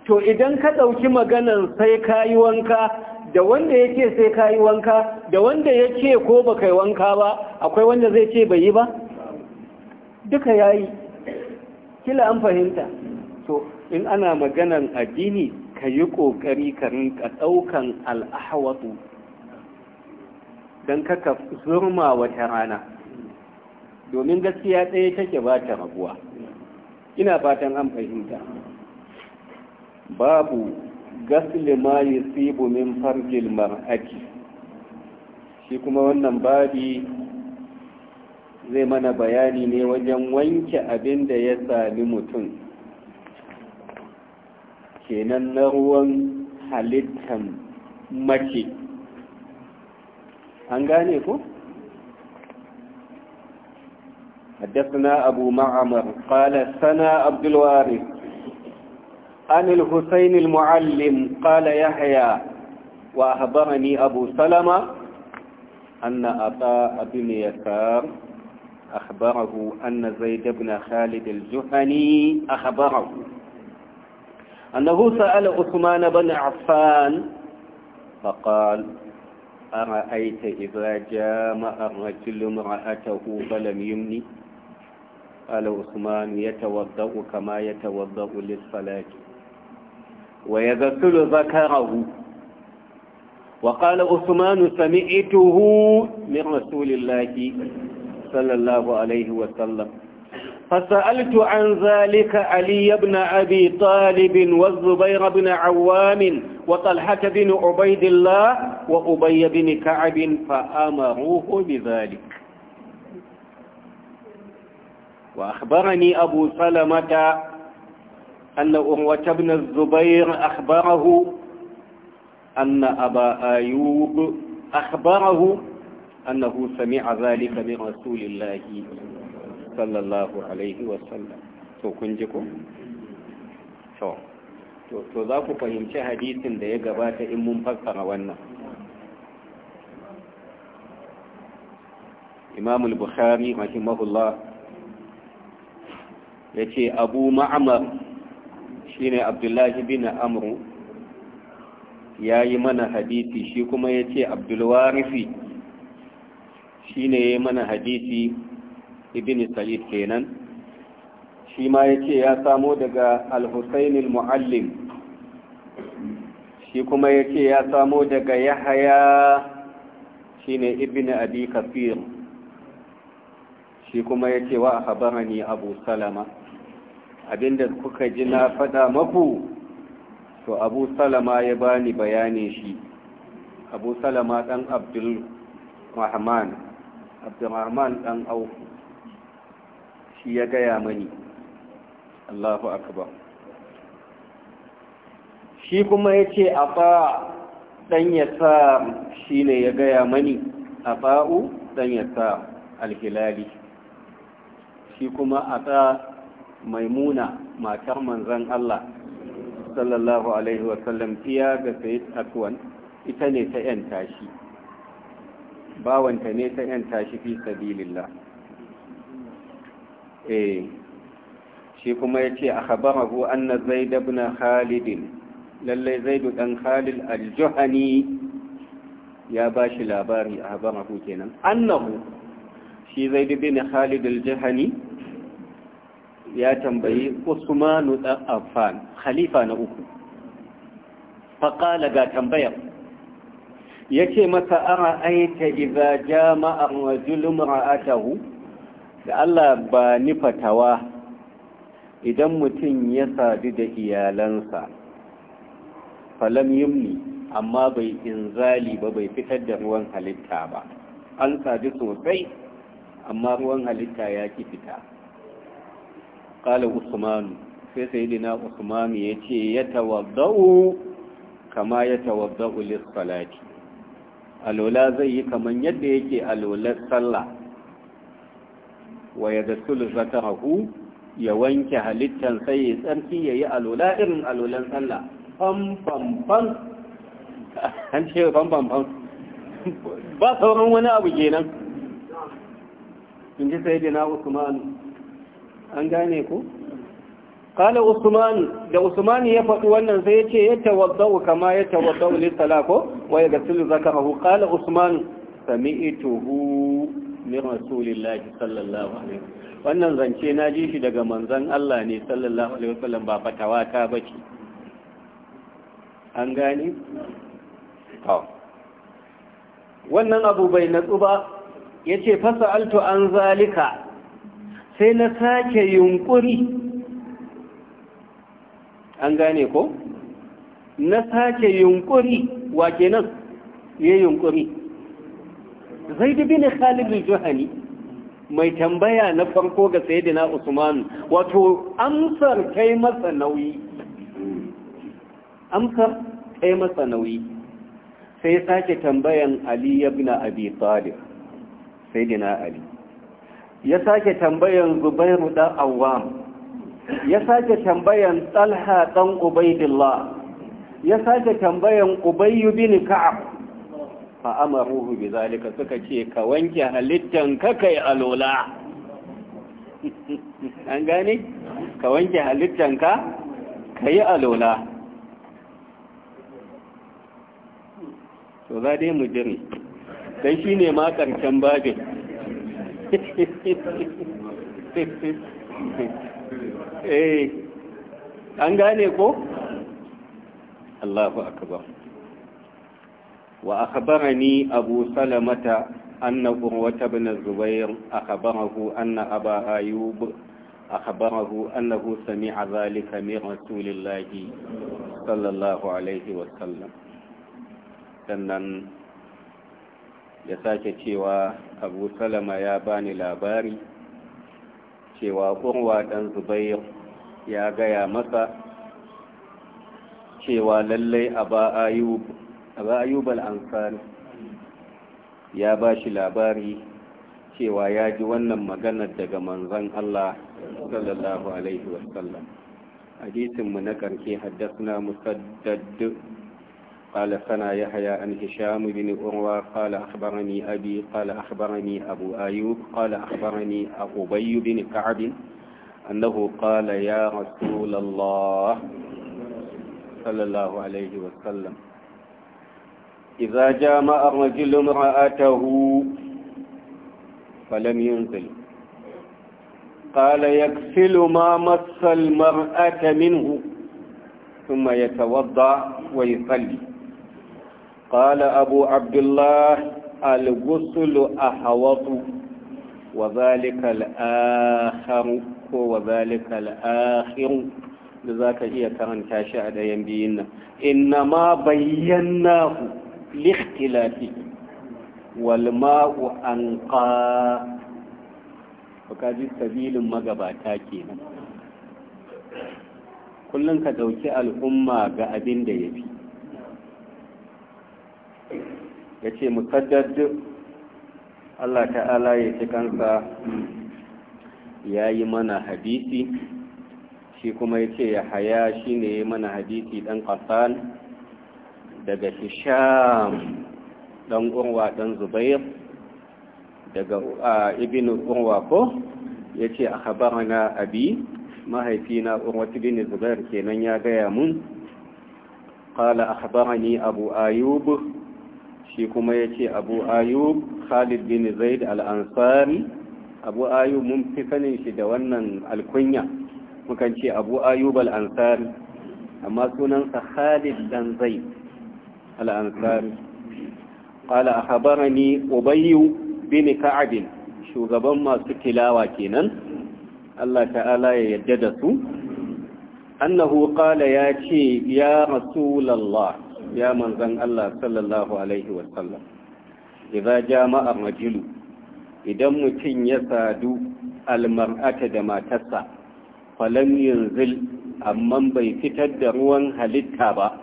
to idan ka ɗauki maganan sai ka yi wanka da wanda ya ce sai ka yi wanka da wanda ya ce ko ba yi wanka ba akwai wanda zai ce bai yi ba duka ya yi kila an fahimta to in ana maganan addini ka yi ƙoƙari ka ɗaukan al'ahawatu don kaka zurma wata rana domin gaskiya ɗaya take ba ta rabuwa ina fatan an fahimta babu gasli ma yusibu min farjil mar'ati shi kuma wannan babi zai mana bayani ne wajen wanke abin da ya sami mutum kenan na ruwan halittan mace an gane ko? حدثنا أبو معمر قال سنا عبد الوارث عن الحسين المعلم قال يحيى وأخبرني أبو سلمة أن أطاء بن يسار أخبره أن زيد بن خالد الجهني أخبره أنه سأل عثمان بن عفان فقال أرأيت إذا جامع الرجل امرأته فلم يمني قال عثمان يتوضأ كما يتوضأ للصلاة ويغسل ذكره وقال عثمان سمعته من رسول الله صلى الله عليه وسلم فسألت عن ذلك علي بن أبي طالب والزبير بن عوام وطلحة بن عبيد الله وأبي بن كعب فأمروه بذلك وأخبرني أبو سلمة أن أروة بن الزبير أخبره أن أبا أيوب أخبره أنه سمع ذلك من رسول الله صلى الله عليه وسلم to za ku fahimci hadisin da ya gabata in mun fassara wannan imamul bukhari rahimahullah ya ce abu ma'amar shi ne abdullahi bin amru ya yi mana hadisi shi kuma ya ce abdulwarifi shi ne ya yi mana hadisi ibn sa'id kenan shi ma ya ce ya samo daga al-husainul muallim shi kuma ya ce ya samo daga yahaya shi ne ibn abi kafir shi kuma ya ce wa habarani abu salama abinda kuka ji na faɗa maku to abu salama ya bani bayanin shi abu salama ɗan abdul rahman abdul rahman ɗan auku shi ya gaya mani allahu akbar shi kuma ya ce a ɗan ya sa shi ne ya gaya mani a ɗan ya sa alhilali shi kuma a maimuna matar manzan Allah sallallahu alaihi wasallam fiya ga sayid aswan ita ne ta yanta shi bawanta ne ta yanta shi fi sabilillah eh shi kuma yace akhbarahu anna zaid ibn khalid lalle zaid dan Khalil al-juhani ya bashi labari akhbarahu kenan annahu shi zaid ibn khalid al-juhani ya tambayi usmanu dan affan khalifa na uku faƙala ga tambayar ya ce masa ara aita iza jama'ar rajulun ra'atahu da Allah ba ni fatawa idan mutum ya sadu da iyalansa falam yimni amma bai inzali ba bai fitar da ruwan halitta ba an sadu sosai amma ruwan halitta ya ki fita Ƙalin usmanu sai sayidina usmanu ya ce ya tawadda'u kama ya tawadda'u lissalati alola zai yi kaman yadda yake alolar sallah wa ya gasulu zakarahu ya wanke halittar sai ya tsarki ya yi alola irin alolan sallah famfamfam an ce famfamfam ba sauran wani abu kenan in ji sayidina usmanu an gane ku kala usman da usman ya faɗi wannan sai ya ce ya tawaddau kama ya tawaddau li salako wa ya gasilu zakahu kala usman sami'tuhu min rasulillahi sallallahu alaihi wannan zance na ji shi daga manzon Allah ne sallallahu alaihi wasallam ba fatawa ta bace an gane wannan abu bai natsu ba yace fasa an zalika sai na sake yunkuri an gane ko na sake yunkuri wa kenan ya yunkuri zai dubi ne khalibin juhani mai tambaya na farko ga sayidina usman wato amsar kai masa nauyi amsar kai masa nauyi sai sake tambayan ali ibn abi talib sayidina ali ya sake tambayan zubairu dan awam ya sake tambayan talha dan ubaidillah ya sake tambayan ubayyu bin ka'ab fa amaruhu bi suka ce ka wanke halittan ka kai alola an gane ka wanke halittan ka kai alola to za dai mu jira dan shine ma karshen babin eh an gane ko Allahu akbar wa akhbarani abu salamata anna urwata ibn zubair akhbarahu anna aba ayub akhbarahu annahu sami'a zalika min rasulillahi sallallahu alaihi wasallam sannan ya sake cewa abu salama ya bani labari cewa ƙurwa ɗan zubair ya gaya masa cewa lallai a ba ayub al'ansari ya ba shi labari cewa ya ji wannan maganar daga manzan Allah sallallahu Alaihi wasallam hadisinmu na ƙarfe haddasa na musaddadu قال ثنا يحيى عن هشام بن أروى قال أخبرني أبي قال أخبرني أبو أيوب قال أخبرني أبي بن كعب أنه قال يا رسول الله صلى الله عليه وسلم إذا جامع الرجل امرأته فلم ينزل قال يكسل ما مس المرأة منه ثم يتوضأ ويصلي قال أبو عبد الله الغسل أحوط وذلك الآخر وذلك الآخر لذلك هي كان تاشع دين بينا إنما بيناه لاختلافه والماء أنقى وكذلك سبيل مقباتا كينا kullum ka ɗauki al'umma ga abin ya ce musaddad Allah ta'ala ya ci kansa ya yi mana hadisi shi kuma ya ce ya haya shi ne mana hadisi ɗan ƙasan daga hisham ɗan ƙunwa ɗan zubair daga ibini ƙunwa ko ya ce a habarana abi na urwatu bin zubair kenan ya gaya mun قال أخبرني أبو أيوب shi kuma ya ce abu ayub khalid bin zaid al'ansari abu ayub mun fi sanin shi da wannan alkunya mukan ce abu ayub al'ansari amma sunansa khalid dan zaid al'ansari ƙala a habara ni bin ka'abin shugaban masu tilawa kenan Allah ta'ala ya yadda da su annahu Qala ya ce ya rasulallah ya manzan Allah sallallahu alaihi wasallam idza jama'a rajulu idan mutum ya sadu almar'ata da matarsa falam yanzil amma bai fitar da ruwan halitta ba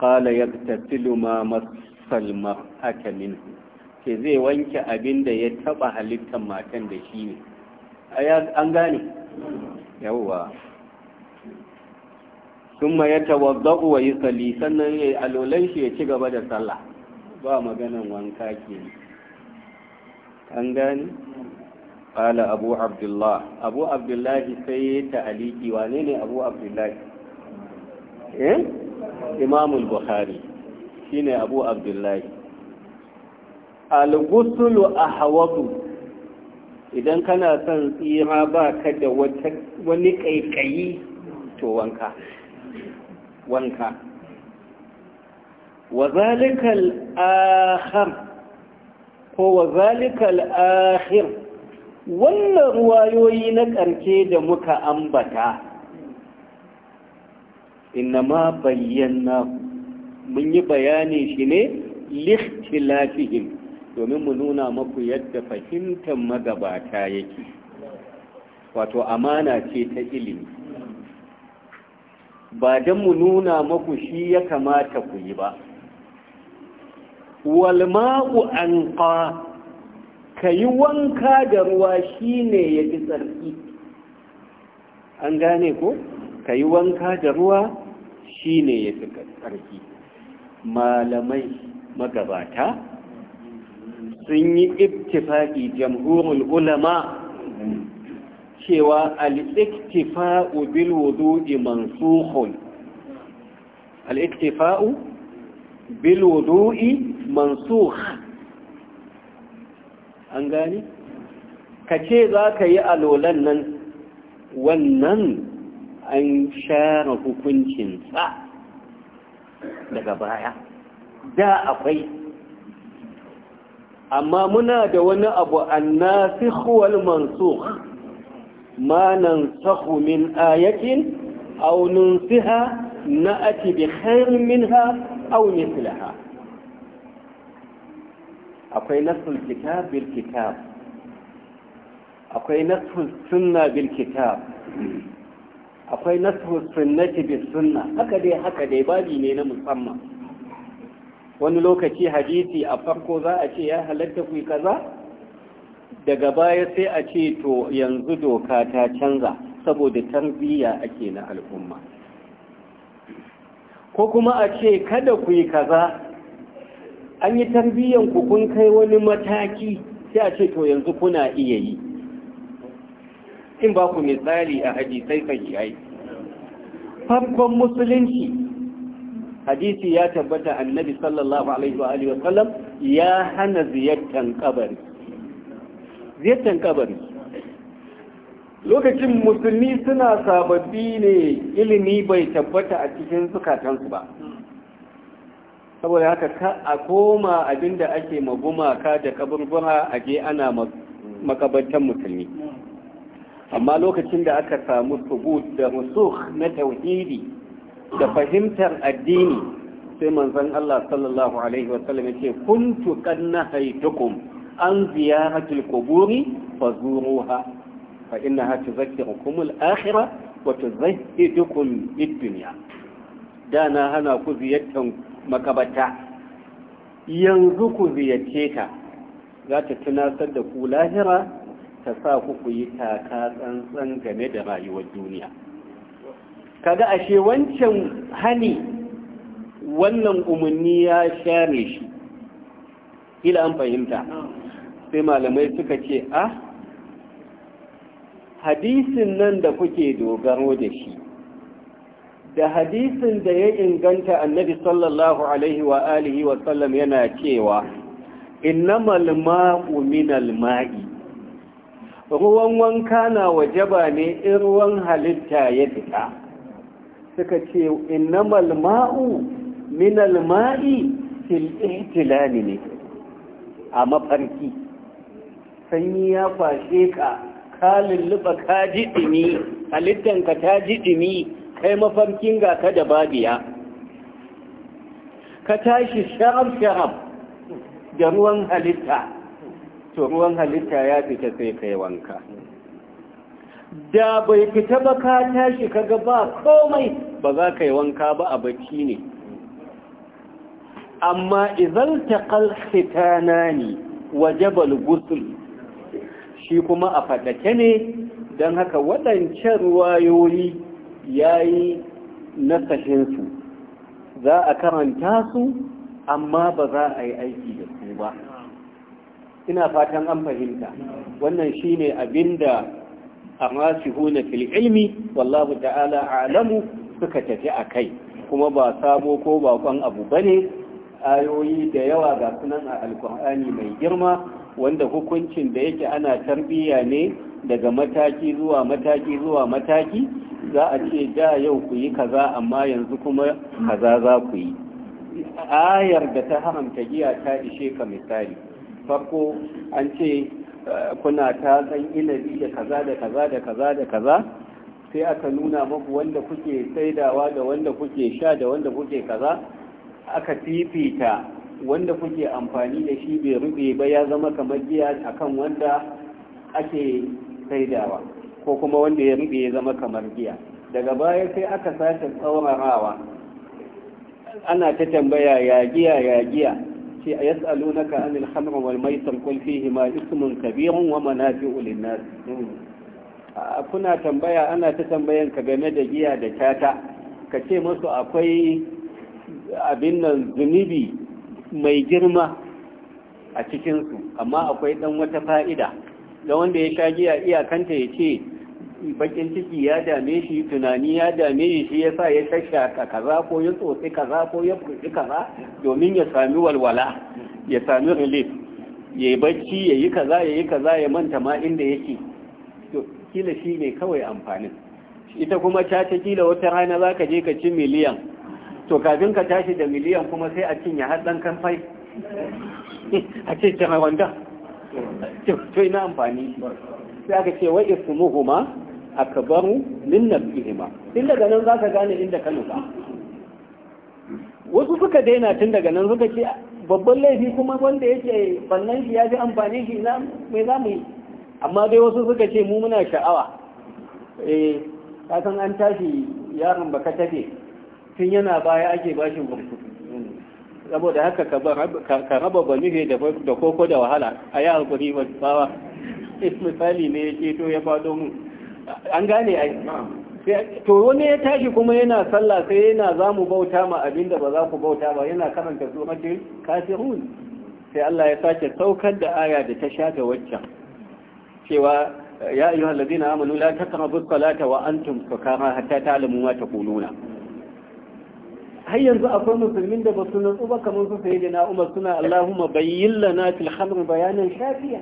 qala yaktasilu ma masal mar'ata minhu ke zai wanke abin da ya taɓa halittar matan da shi ne an gane yawwa thumma yatawaddau wa yusalli sannan ya yi alolan shi ya ci gaba da sallah ba maganan wanka ke an gani ƙala abu abdullah abu abdullah sai ya ta'aliki wane ne abu abdullah eh Imamul al-bukhari shine abu abdullah al-ghuslu ahwatu idan kana son tsira ba ka da wani ƙaiƙayi to wanka wanka wa zalikal akhir ko wa zalikal akhir wannan ruwayoyi na karke da muka ambata ma bayyana mun yi bayani shi ne liftilafihim domin mu nuna maku yadda fahimtar magabata yake wato amana ce ta ilimi ba don mu nuna maku shi ya kamata ku yi ba walma'u an ƙa ka yi wanka da ruwa shi ne ya fi tsarki an gane ko ka yi wanka da ruwa shi ne ya fi tsarki malamai magabata sun yi ibtifaƙi jamhurin ulama cewa al-iktifa'u bil wudu'i mansukhun al-iktifa'u bil wudu'i mansukh an gani kace zaka yi alolan nan wannan an share hukuncin sa daga baya da akwai amma muna da wani abu annasi wal mansukh ma nansakhu min ayatin aw nunsiha na'ati bi khairin minha aw mithlaha akwai nasul kitab bil kitab akwai nasul sunna bil kitab akwai nasul sunnati bil sunna haka dai haka dai babi ne na musamman wani lokaci hadisi a farko za a ce ya halatta ku kaza daga baya sai a ce to yanzu doka ta canza saboda tarbiyya ake na al'umma ko kuma a ce kada ku yi kaza an yi tarbiyyan ku kun kai wani mataki sai a ce to yanzu kuna iya yi in ba ku misali a hadisai sahihai farkon musulunci hadisi ya tabbata annabi sallallahu alaihi wa sallam ya hana ziyartar kabari ziyartar kabari lokacin musulmi suna sababbi ne ilimi bai tabbata a cikin sukatansu ba saboda haka a koma abinda ake magumaka da kaburbura a je ana makabartan musulmi amma lokacin da aka samu subut da rusuk na tauhidi da fahimtar addini sai manzon Allah sallallahu alaihi wasallam ya ce kuntu na haitukun an ziyaratul quburi fazuruha fa innaha tuzakkirukum al-akhirah wa tuzahhidukum ad-dunya dana hana ku ziyartar makabata yanzu ku ziyarce ta za ta tunasar da ku lahira ta sa ku ku yi taka tsantsan game da rayuwar duniya kaga ashe wancan hani wannan umarni ya share shi ila an fahimta sai malamai suka ce a ah, hadisin nan da kuke dogaro da shi da hadisin da ya inganta annabi sallallahu alaihi wa alihi wa sallam yana cewa innamal ma'u minal ma'i ruwan wanka na wajaba ne in ruwan halitta ya fita suka ce innamal ma'u minal ma'i fil ihtilali ne a mafarki sanyi ya kwashe ka ka lulluɓa ka ji ɗumi halittanka ta ji ɗumi kai mafarkin ga ka da babiya ka tashi sharaf-sharaf da ruwan halitta to ruwan halitta ya fita sai kai wanka da bai fita ba ka tashi kaga ba komai ba za ka yi wanka ba a bacci ne amma izalta na ne wajabal gusul shi kuma a faɗake ne don haka waɗancan ruwayoyi ya yi su, za a karanta su amma ba za a yi aiki da su ba ina fatan an fahimta wannan shi ne abin da a masu huna fil ilmi wallahu ta'ala alamu suka tafi a kai kuma ba sabo ko bakon abu ba ne ayoyi da yawa ga sunan a alkur'ani mai girma wanda hukuncin da yake ana tarbiyya ne daga mataki zuwa mataki zuwa mataki za a ce da yau ku yi kaza amma yanzu kuma kaza za ku yi ayar da ta haramta giya ta ishe ka misali farko an ce eh, kuna ta san inabi da kaza da kaza da kaza da kaza sai aka nuna maku wanda kuke saidawa da wanda kuke sha da wanda kuke kaza aka fifita wanda kuke amfani da shi bai rube ba ya zama kamar giya akan wanda ake saidawa ko kuma wanda ya rube ya zama kamar giya daga baya sai aka sace tsaurarawa ana ta tambaya ya giya ya giya ce a yasalu na ka'anil hamra wal maisar kulfi hima ismun kabirin wa manafi'u linnas kuna tambaya ana ta tambayan ka game da giya da kyata. ka ce masu akwai abin nan zunubi mai girma a cikinsu amma akwai ɗan wata fa'ida da wanda ya sha a iyakanta ya ce bakin ciki ya dame shi tunani ya dame shi ya sa ya a kaza ko ya tsotsi kaza ko ya fushi kaza domin ya sami walwala ya sami relief ya yi bacci ya yi kaza ya yi kaza ya manta ma inda yake kila shi ne kawai amfanin ita kuma caca kila wata rana za ka je ka ci miliyan to kafin ka tashi da miliyan kuma sai a cinye haɗin kamfai a ce mai wanda to ina amfani sai aka ce wa a kabaru min nafihima tun daga nan za ka gane inda ka nufa wasu suka daina tun daga nan suka ce babban laifi kuma wanda ya ce bannan shi ya fi amfani shi na mai za mu yi amma dai wasu suka ce mu muna sha'awa eh kasan an tashi yaron baka tafe tun yana baya ake bashin burkutu saboda haka ka raba banihe da koko da wahala a yi alkuri ba eh, misali ne ya ceto ya fado mu an gane ai to wani ya tashi kuma yana sallah sai yana za mu bauta ma abinda ba za ku bauta ba yana karanta suratul kafirun sai Allah ya sake saukar da aya da ta sha shafe waccan cewa ya ayyuhal ladina amanu la taqrabu as-salata wa antum sukara hatta ta'lamu ma taquluna har yanzu akwai musulmin da ba natsu ba kamar su sai da na umar suna Allahumma bayyin lana fil khamr bayanan shafiya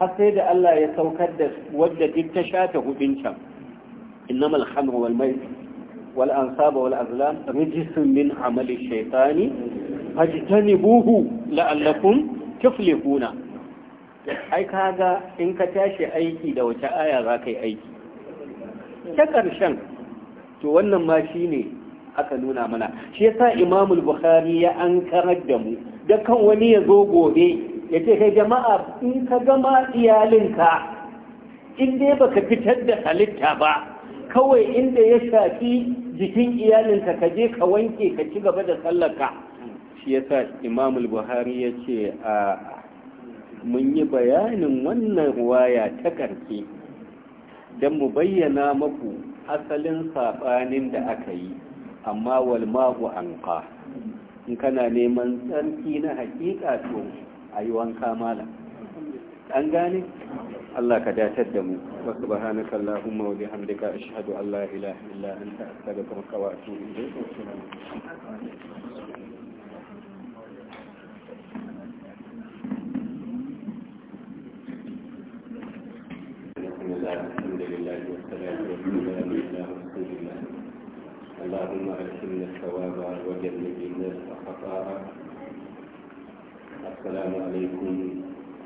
har sai da Allah ya saukar da wadda duk ta shafe hudunta innama khamr wal mai wal ansaba wal azlam rijisun min amali shaytani buhu la'allakum tuflihuna ai kaga in ka tashi aiki da wace aya za ka yi aiki ta ƙarshen to wannan ma shine aka nuna mana shi yasa imamul bukhari ya an karar da mu da kan wani ya zo gobe ya ce kai jama'a in ka gama iyalinka in dai baka fitar da halitta ba kawai inda ya shafi jikin iyalinka ka je ka wanke ka ci gaba da sallarka shi yasa imamul buhari ya ce a mun yi bayanin wannan waya ta karke don mu bayyana maku asalin saɓanin da aka yi amma wal ma'u anqa in kana neman tsarki na hakika to yi wanka malam an gane Allah ka datar da mu wa subhanaka allahumma wa bihamdika ashhadu an la ilaha illa anta astaghfiruka wa atubu ilayk الحمد لله والصلاة والسلام على رسول الله اللهم ألهمنا الثواب وجنبنا الخطاء السلام عليكم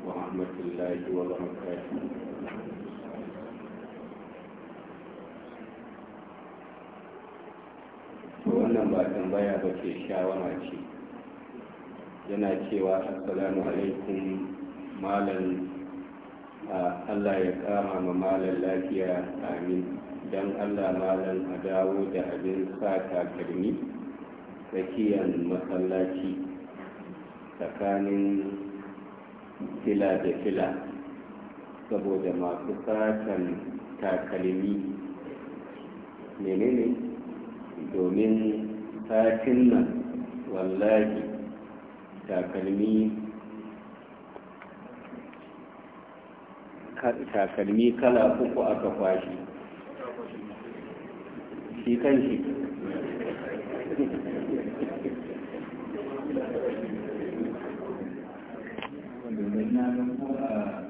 ورحمة الله وبركاته wannan ba tambaya ba ce shawara ce yana cewa assalamu alaikum malam ah, Allah ya kama ma malam lafiya amin don allah malam a dawo da abin sa takalmi tsakiyar masallaci tsakanin fila da fila saboda masu satan takalmi menene domin satin nan wallahi takalmi takalmi kala uku aka kwashi shi kan shi